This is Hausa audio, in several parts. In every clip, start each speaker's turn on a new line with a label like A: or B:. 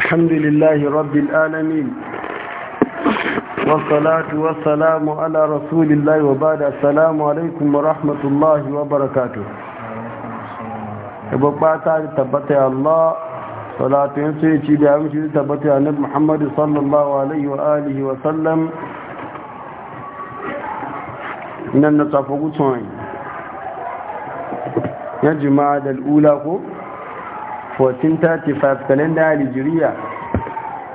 A: الحمد لله رب العالمين والصلاة والسلام على رسول الله وبعد السلام عليكم ورحمة الله وبركاته ابو وبعد تبت الله صلاة ينسيتي بعمشي تبتع نبي محمد صلى الله عليه وآله وسلم إن النصف قصوين يا جماعة الأولى قصوين 1435 kalenda ya nigeria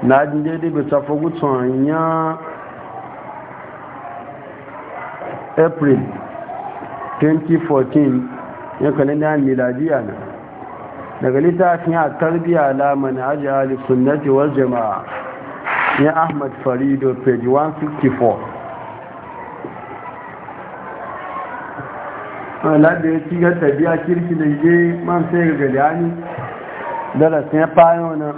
A: na ajin daidai bai tafi gutsun ya april 2014 ya kalenda ya miladiya na daga littafin a tarbiya alamun na ali sunnati wal jama'a ya ahmad farido page 164 alaɗa ya ci ga tabiya kirki da je man sai ga gani darasin fayo na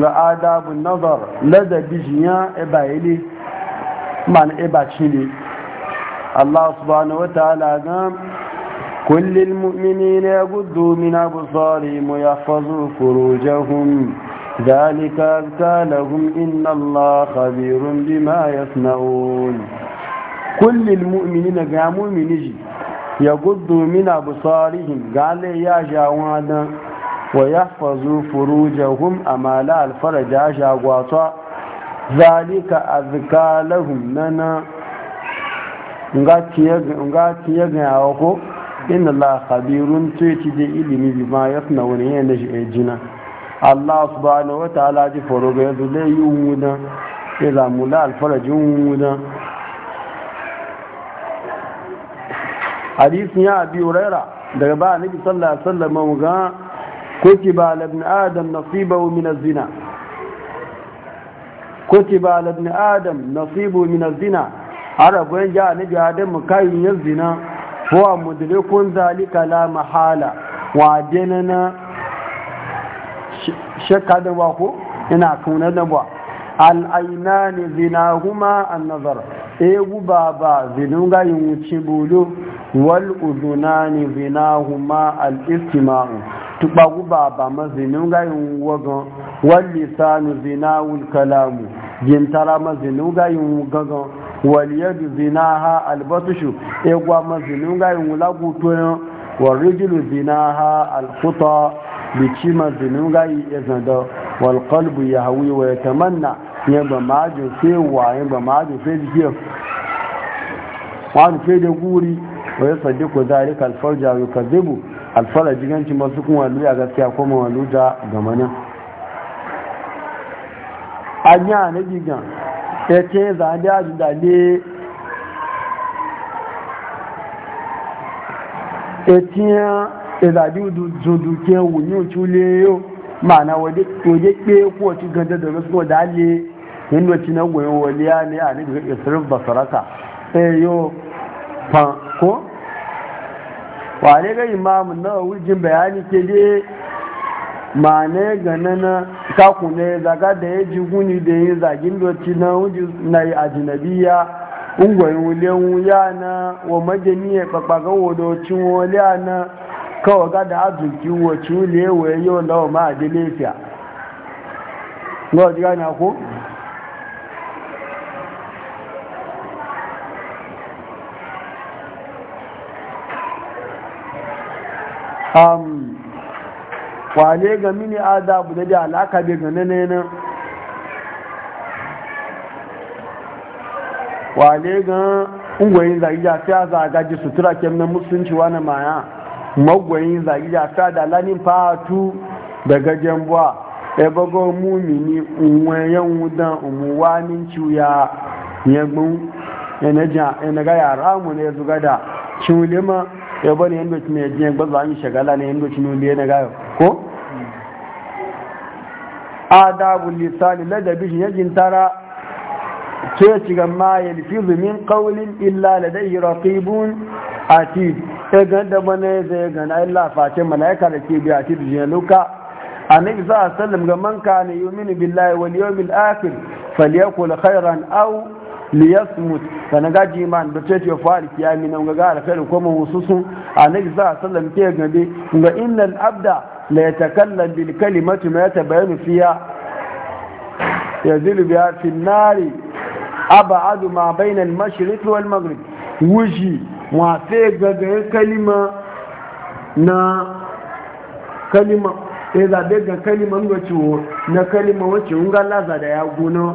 A: ga adabun nazar ladabi jiya eba ile man eba chile Allah subhanahu wa ta'ala ga kullil ya yaghuddu min absarihim wa yahfazu furujahum ذلك أذكى لهم إن الله خبير بما يصنعون كل المؤمنين قاموا من يجي يقضوا من أبصارهم قال يا جاوانا wa فروجهم furujahum amala alfaraja shagwata zalika azka lahum ngati ya ganyawa ko inna la khabirun tuci da ilimi bi ma yasna wani yana e jina Allah subhanahu wa ta'ala ji foro ga yanzu zai yi wuda ya zamu la alfarajin wuda ya abi uraira daga ba sallallahu alaihi wasallam ga كتب على ابن آدم نصيبه من الزنا كتب على ابن آدم نصيبه من الزنا عرب وين جاء نبي آدم كاين الزنا هو مدرك ذلك لا محالة وعدننا شك هذا واخو هنا كون da ba al'ainani zinahuma an nazar egu baba zinin gayin wuce bulu tukpagu baba nga gayin wagan wali sanu wul kalamu jintara mazinin gayin gagan zina ha albatushu egwa mazinin gayin wulagu toyon zina ha alkuta bici nga yi ezanda walqalbu ya hawi wa ya tamanna yagba majin fewa yagba majin sai jikin wani fe da guri wa yasaddiqu dhalika al-farja wa yukadhibu al-farj ganci masu kun walu a gaskiya ko walu da gamana anya ne ya ce za da da le etiyan ìlàdí òdòdó kí ẹ wò ní òtún lé na wọlé òye pé kú ọtí gandá dọ̀rọ̀ sí ọ̀dá lé nínú ọtí náà wọ̀nyí wọlé á ní àníbìrì ìsìnrìn bàtọ̀rọ̀kà ẹ fa ko wane ga imamu na wujin bayani ke je ma ne gane na kaku ne zaga da ya ji guni da yin zagin doci na wujin na yi ajinabiya ungwayin wule wuya na wa majani ya kpakpaga wadocin wule na kawai ga da azuki wacin wule wa yau da wa ma'adi lafiya. Gwa ji ko? kwale ga mini adabu da da alaka bai ga nane nan kwale ga ungoyin zagiya a zagaji sutura kemnan musulunci wani maya magoyin zagiya fiya da lanin fatu da gajen buwa ebogo mumini unwe yan wudan umuwa min ciya yagbun enaja enaga yara mu ne zugada ciulima ya bane yadda cin ya jiyan za an yi shagala ne yadda cin yadda na gaya ko adabu lisani ladabi shi yajin tara ke ci ga ma ya lifi zumin kaulin illa da dai a ti ya ganda mana ya zai gana illa face malaika da ke biya atid jiyaluka annabi sallallahu alaihi sallam ga manka man yi yu'minu billahi wani yau mil akhir falyakul khairan au liyasmut kana gaji man da ce ya fari kiyami nan ga alkhairin kuma hususun annabi sallallahu alaihi wasallam ke gabe ga innal abda la yatakallam bil kalimati ma yatabayanu fiha yazilu biha fi nari ab'ad ma bayna al mashriq wal maghrib wuji wa fe gaga kalima na kalima sai e zabe ga kalima ngwaci na kalima wacce ungala za da ya gona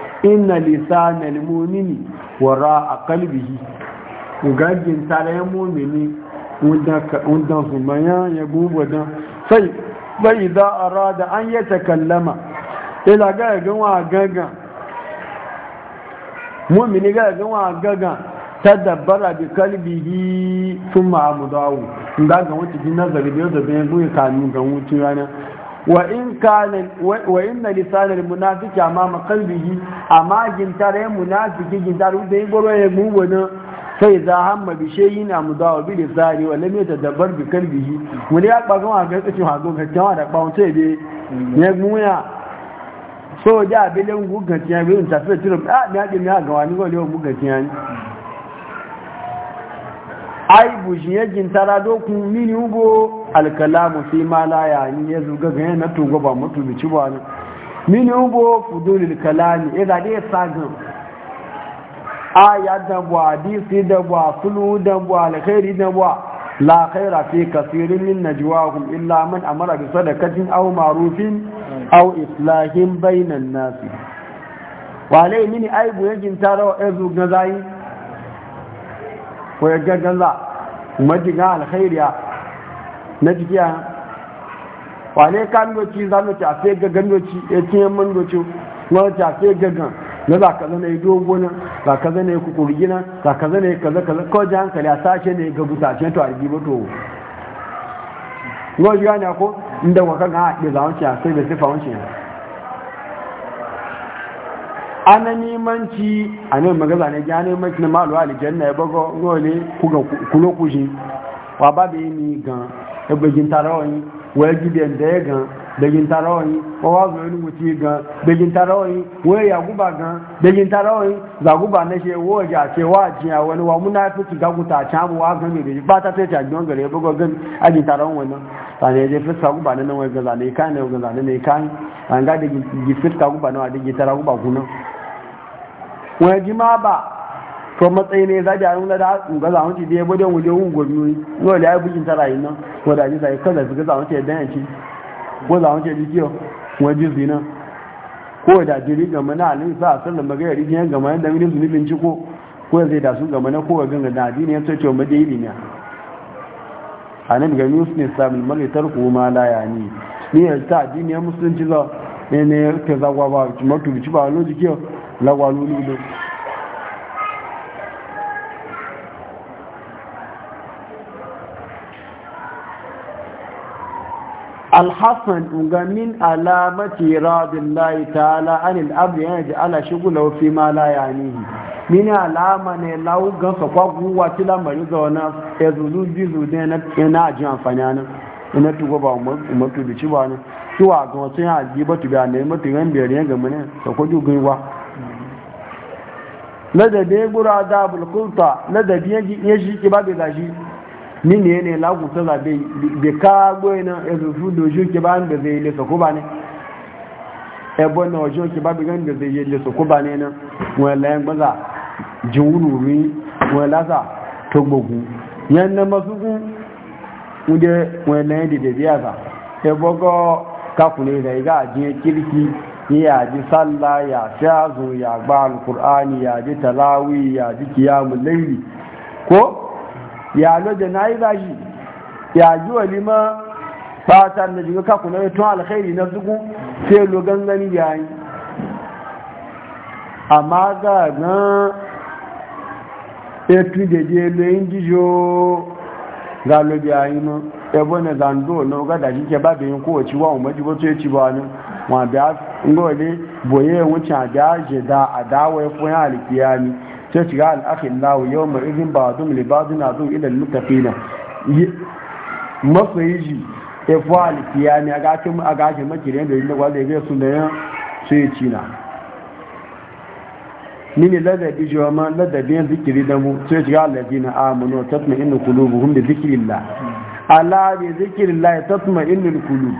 A: inna lisanal mu'mini wara qalbihi ugajin talayen mu'mini wanda zumaya ya gubo dan sai bai za a ra da an ya kallama ila gaya gan a gaga mu'mini gaya gan wa gaga tadabbara bi qalbihi thumma amdawu ga ga wuce nazari da yadda zai goyi kanu ga wuce yana wa ina lisanar munafiki a ma makalbihi a magin tare munafiki gindar da yi goro ya gugu na sai za hamma bishe yi na mu zawa bi da zari wa lamai da dabar bi kalbihi muni ya kpa gama ga kacin hago ga jama da kpawon sai bi ya gumuya so da abin da gugu ga tiya bi in tafiya tiro a da ya ya gawa ni gole gugu ga tiya ni ai bujin ya gintara dokun mini ugo alkalamu fi ma la yani ya zuga ga na to ba, mutu bi ciwa ne min yubo fudul kalami idza dai sagan aya da bu hadisi da bu sulu da bu alkhairi da bu la khaira fi kasirin min najwahum illa man amara bi sadaqatin aw ma'rufin aw islahin bainan nas wale mini aibu yakin tarawa ezu gazai ko ya gagaza majiga alkhairiya na jikiya wane ka noci za mu ci a sai gaggan noci ya e cinye man noci wani ci a sai gaggan na e za ka zana ya dogo na e za ka zana ya kukurgi na za ka zana ya kaza kaza kawai ji hankali a sashe ne ga gusashe to a rigiba to wani gane ko inda kwa kan haɗe za wancan a sai da sifa wancan ana nimanci a nan magaza ne ya neman na malu na ya bago nole kuga kulokushi wa ba da yi ni gan egbegin tara oyin wee gide nde gan begin tara oyin owa zo ni wuti gan begin tara oyin we ya guba gan begin tara oyin za guba ne she wo ja che wa ji a wani wa muna fi ti gaguta cha mu wa gan mi ba ta te ta jon gare bo go gan ajin tara on wannan ta ne je fi sa guba ne wai gan za ne kan ne gan za ne kan an ga de gi fi ta guba no guba kuno wai ji ma ba to matsayi ne za a nuna da ga zamun ci da ya bude wuje wun gobi yau da ya yi ta rayu nan ko da ji zai kada su ga zamun da yanci ko zamun ci dikiyo waje zina ko da jiri ga mana alin sa sallan maga yari ne ga mana da mini zunubin ciko ko zai da su ga mana ko ga ganga da addini ya tsoce wa mu da a nan ga news ne samun malitar ko ma la ne ni ya ta addini ya musulunci za ne ne ka zagwa ba mutu bi ci ba logic yau lagwa lulu الحسن من علامة إراد الله تعالى عن الأمر يجعل شغله فيما لا يعنيه من علامة لو قصة قوة لما يزونا يزوزو بزودين دينا فنانا ina tuba ba umartu da ciba ne kiwa ga wasu ya ba tuba ne mutu yan biyar ya gama ne da kwaji gaiwa ladabi gura da ladabi ya ki ba gashi min ne ne lagu ta zabe da ka na ezufu da ke ba da zai ye sako ne na ojo ke ba bigan na wani e e ji gbaza jin wururi wani lasa e to gbogbo yan na masu biya ga da ya ji sallah ya shazo ya ya ji talawi ya ji ko ya na yi shi ya ji walima fata na jiga kaku na tun alkhairi na zugu sai lo gangani ya yi amma ga na etu da je lo yin jijo ga lo biya yi mu ebo na zando na ga da jike ba bayin kowace wa umarji ba to ya ci ba ni wa biya ngole boye wuce a da je da a dawo ya fuyan alkiyami sai shiga al'akin lawo yau mai irin ba dum libadu na zuwa idan na mutafina masoyi shi efu alifiya ne a gashin makiriyar da inda wanda ya zai su da yan sai ci na mini ladabi shi wama ladabi yan zikiri da mu sai shiga alabi na amino tasma inu kulubu hun da la. ala bi zikirillah ya tasma inu kulubu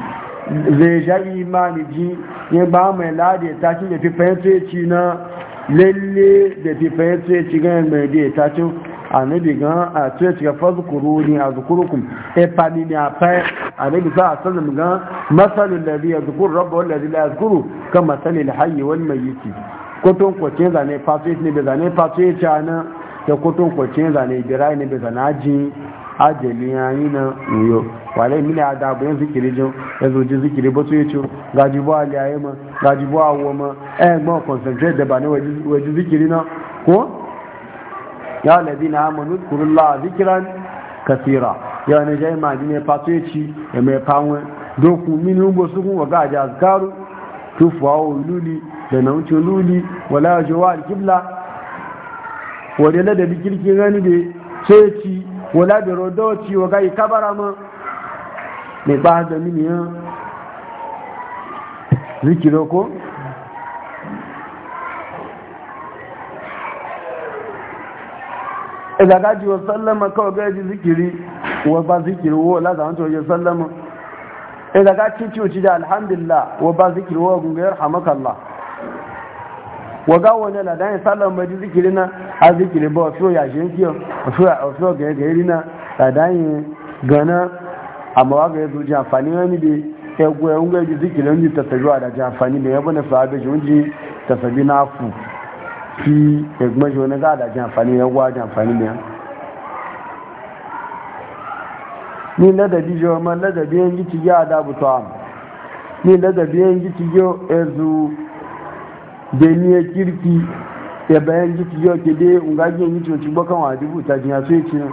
A: zai sha imani ji ya ba mai ladi ta shi ya fi fahimta ya ci na lele da fifaye su ya ci ganin mai da ya tacin annabi gan a su ya fasu fazukuru ne a zukurukun e fadi ne a fai annabi sa a sanin gan matsalin da a zukuru rabu wanda zai a zukuru kan masalin hayi wani mai yiki kotun kwacin zane fasu ne bai zane fasu ya ci a nan da kotun kwacin zane birai ne bai zane ajin ajiyar yayi na wuyo walai mina da bayan zikiri jin ya zikiri ba su yi yace gaji a liyaye ma gaji a awo ma eh ma concentrate da ba ni waje zikiri na ko ya alladina amanu kurullaha zikran kasira ya ne jai ma ne fa su yi ci, e ya mai fanwe doku mini ugo su kun waga ja azkaru tufuwa luli da na wuce luli wala jawa alkibla wadda da bikirkin rani da sai ci wala da rodoci waga yi kabara ma mai ba da miliyan zikiro ko ìdàgájì e wa sallama kawai gaji zikiri wa ba zikiri wa wọ lázàwọ́ntọ̀ yẹ sallama ìdàgájì tí ó ci da alhamdulillah wa ba zikiri wọ gungayar hamakalla Wa gawo ne ladayin sallama bai zikiri na a zikiri ba ofiyo yashe fiyo ofiyo gẹ̀ẹ́gẹ̀ẹ́ri na ladayin gana amma waga yazo zo ji amfani wani da ya goya wunga ya ji zikirin ji tasabiwa da ji amfani da ya bane sahabe ji wunji tasabi na fu fi ya kuma shi wani za da ji amfani ya gwa ji amfani da ya ni ladabi ji wama ladabi yan gici ya da amu ni ladabi yan gici ya yanzu e da ni ya e kirki ya e bayan gici ya ke dai ungaji yan gici wacin bakan wa dubu ta jiya so ya ci nan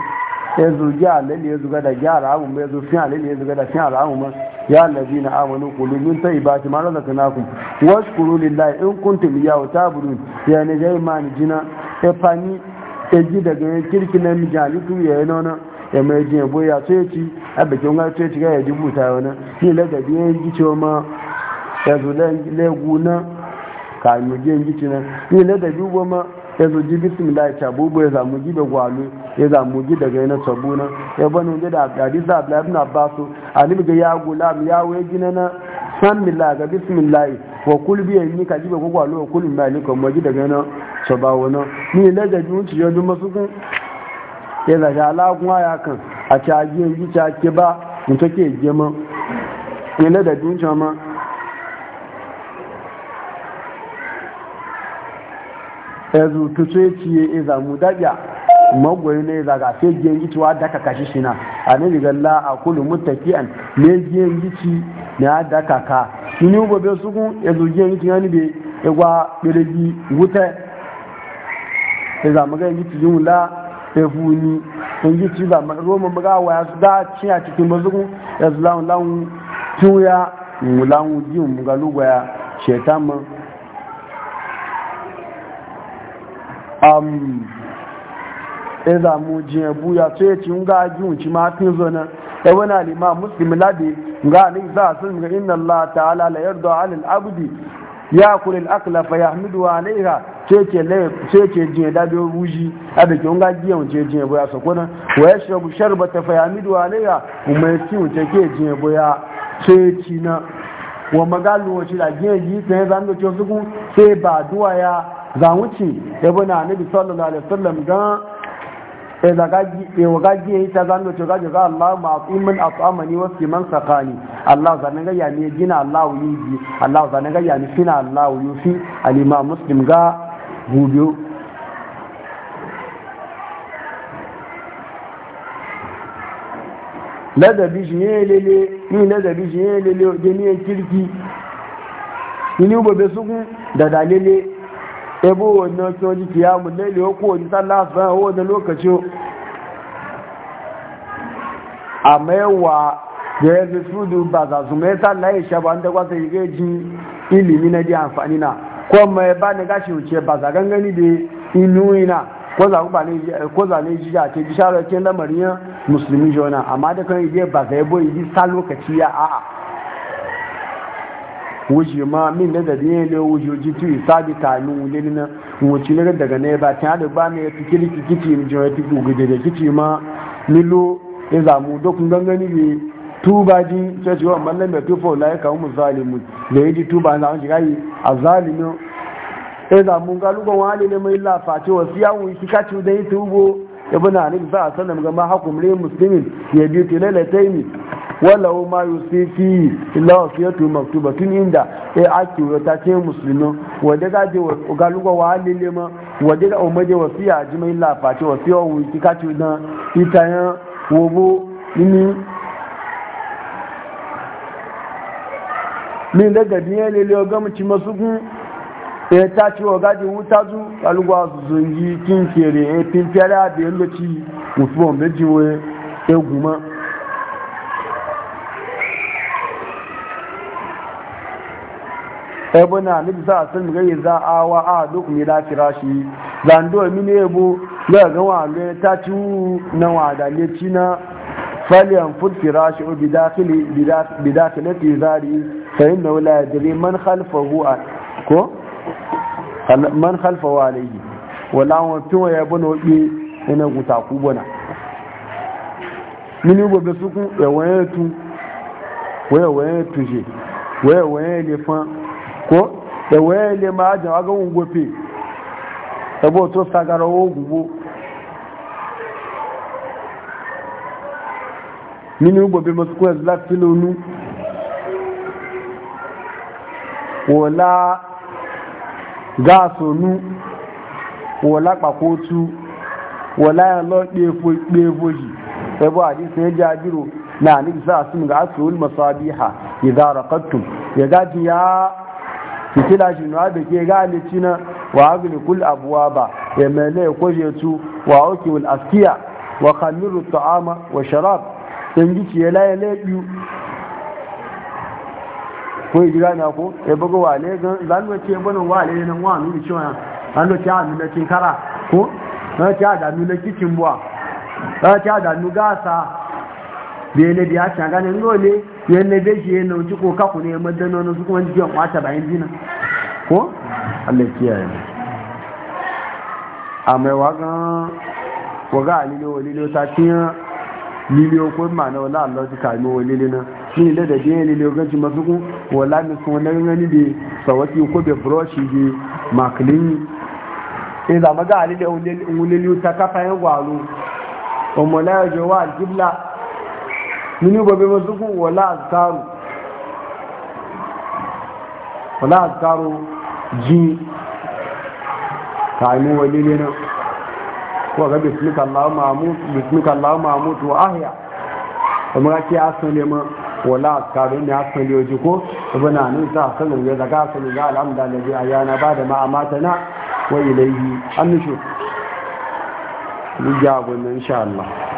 A: ya zugi halali ya zuga da gyara abu yanzu, zufi halali ya zuga da fi haramu ma ya allazi na amanu kulu min tayyibati ma razaqnakum washkuru lillahi in kuntum iyyahu ta'budun ya ne jai ma ni jina e fani e ji daga ya e kirki na mijali tu ya nona ya mai jin bo ya ce ci a bikin ga ce ci ga ya jibuta wani ni la da biyan gice ma ya zulan leguna ka mu je gice na ni la da dubo ma ya zo ji bismillah ta bubo ya zamu gibe gwalo ya zamu gi daga yana sabuna ya bani ga da hadisi Abdullah ibn Abbas alim ga ya gulam ya waye gina na san millah ga bismillah wa kul bi yamni ka jibe ko gwalo kul malika mu gi daga yana sabawo nan ni la ga jun ci yodun masukun ya da ga ala kun aya kan a ci aje yi ci ake ba mun take gema ni la da jun ci ma ezu tuce ciye izamu dabiya magoyi ne zaga sai gen gituwa daka kashi shina a ne daga la a kulu mutaki'an ne gen gici na daka ka yi gobe su kun ya zo gen gici yani be ya gwa belegi wuta ya zama ga gici jin la ya funi sun gici ba roma maga waya su da cinya cikin ba su kun ya zu lawun lawun tuya lawun jin mugalu gwaya shetan man ya zamu jiya buya to ya ci nga ji unci ma tun zo nan e da wani alima muslim ladi nga ni za sun ga inna allah ta'ala la yarda 'ala abdi yakul akla fa yahmidu 'alayha cece da biyo ruji a da ke nga jiya unce jiya e buya so kona wa yashrabu sharbata fa yahmidu kuma e ya ci unce ke jiya buya na wa magalu da jiya yi sai zan da su sai ba duwa ya zawuci ya sallallahu alaihi wasallam wa gaji ya yi ta zanu to gaji ga Allah masu imin asamani wasu man sakani Allah zanen ga yani gina Allah wuyi ji Allah zanen ga yani fina Allah wuyi fi alima muslim ga gudu ladabi shi ne lele ni ladabi shi ne lele da ni kirki ni ubobe sukun da dalele ebu wannan soji kiyamun laili ko wani sallah su hawa da lokaci a maiwa da ya fi sudu ba za su mai sallah ya shaba an dagwasa ya gaji ilimi amfani na ko mai ba ni gashi wuce baza za gangani da inu na ko za ku ba ne ko ji da ke bisharar ke lamarin musulmi jona amma da kan baza ba za ya boye yi ya a'a Wuji ma min na yi ne wuji le wuce jitu isabi tanu wulin na wuce ne daga ne ba ta da ba ne fi kirki kici mu jiwa fi guguje da kici ma lilo ya zamu dokun gangani ne tuba ji sai wa mallan da tufa la ka mu zalimu da yaji tuba na an shiga yi azalimu ya zamu ga lugon wani ne mai lafa ce wasiya wuce kikaci da yi tubo ibn ali sallallahu alaihi wasallam ga ma hakum lil musulmin ya biyu tilalaitaini walau ma yusifi illa wasiyatu maktubatun inda e wata ce musulmi ga je ga lugo wa lele ma wanda ga umaje wasiya ji mai lafa wasiya wu ki ka ni da ya lele o gamu ci masugun e ta ci o gaji wuta zu alugo azuzun yi kin kere e pin kai bana nabi sa sun gai za a wa a duk mi la firashi zando mi ne bo ga ga wa le ta ci na wa da le ci na falyan fud firashi bi dakhili bi dakhilati zari fa inna la yadri man khalfahu ko man khalfahu alayhi wala wa tuwa ya bana obi ina guta ku bana mini gobe sukun ewe tu wewe tuje wewe elefant ko da wele ma ajin aga ungofe sabo to sagara ogugo mini ugbobe masu kuwa lati lonu wala gaasonu wala kpakotu wala yan lọ kpefoji ebo hadisi ya jajiro na anibisa asim ga asirul masabiha idara kattum ya gaji ya kila shi na da ke gane cina wa agli kul abuwa ba ya mele kwaje tu wa oki wal askiya wa khamiru ta'ama wa sharab sun ji ya laye leɓi ko yi na ko ya buga wa ne gan zanuwa ce banin wa ne nan wa nuni cewa an da ta nuna cin kara ko na a da nuna kicin buwa na a da nuna gasa bele biya can ganin dole na bai shi yana wuce ko kaku ne madan wani su kuma jikin kwata bayan jina ko allah kiyaye a mai wagan waga alilo walilo ta tiya lilo ko ma na wala allah ji kami walilo na shi ne da biyan lilo ganci masu kun wala mi sun wani gani da sawaki ko bai buroshi da makilin in zama ga alilo walilo ta kafa yan gwalo ọmọláyọjọ wa aljibla mini babe masu kun wala azkaru wala azkaru ji kaimu wani ne nan ko ga bismika allahu mahmud bismika Allah mahmud wa ahya kuma ga ki asan ne ma wala azkaru ne asan ne oji ko bana nan sa sanin ya daga sanin ga alhamdulillah ji ayana ba da ma na wa ilayhi annushu Ni ja nan insha Allah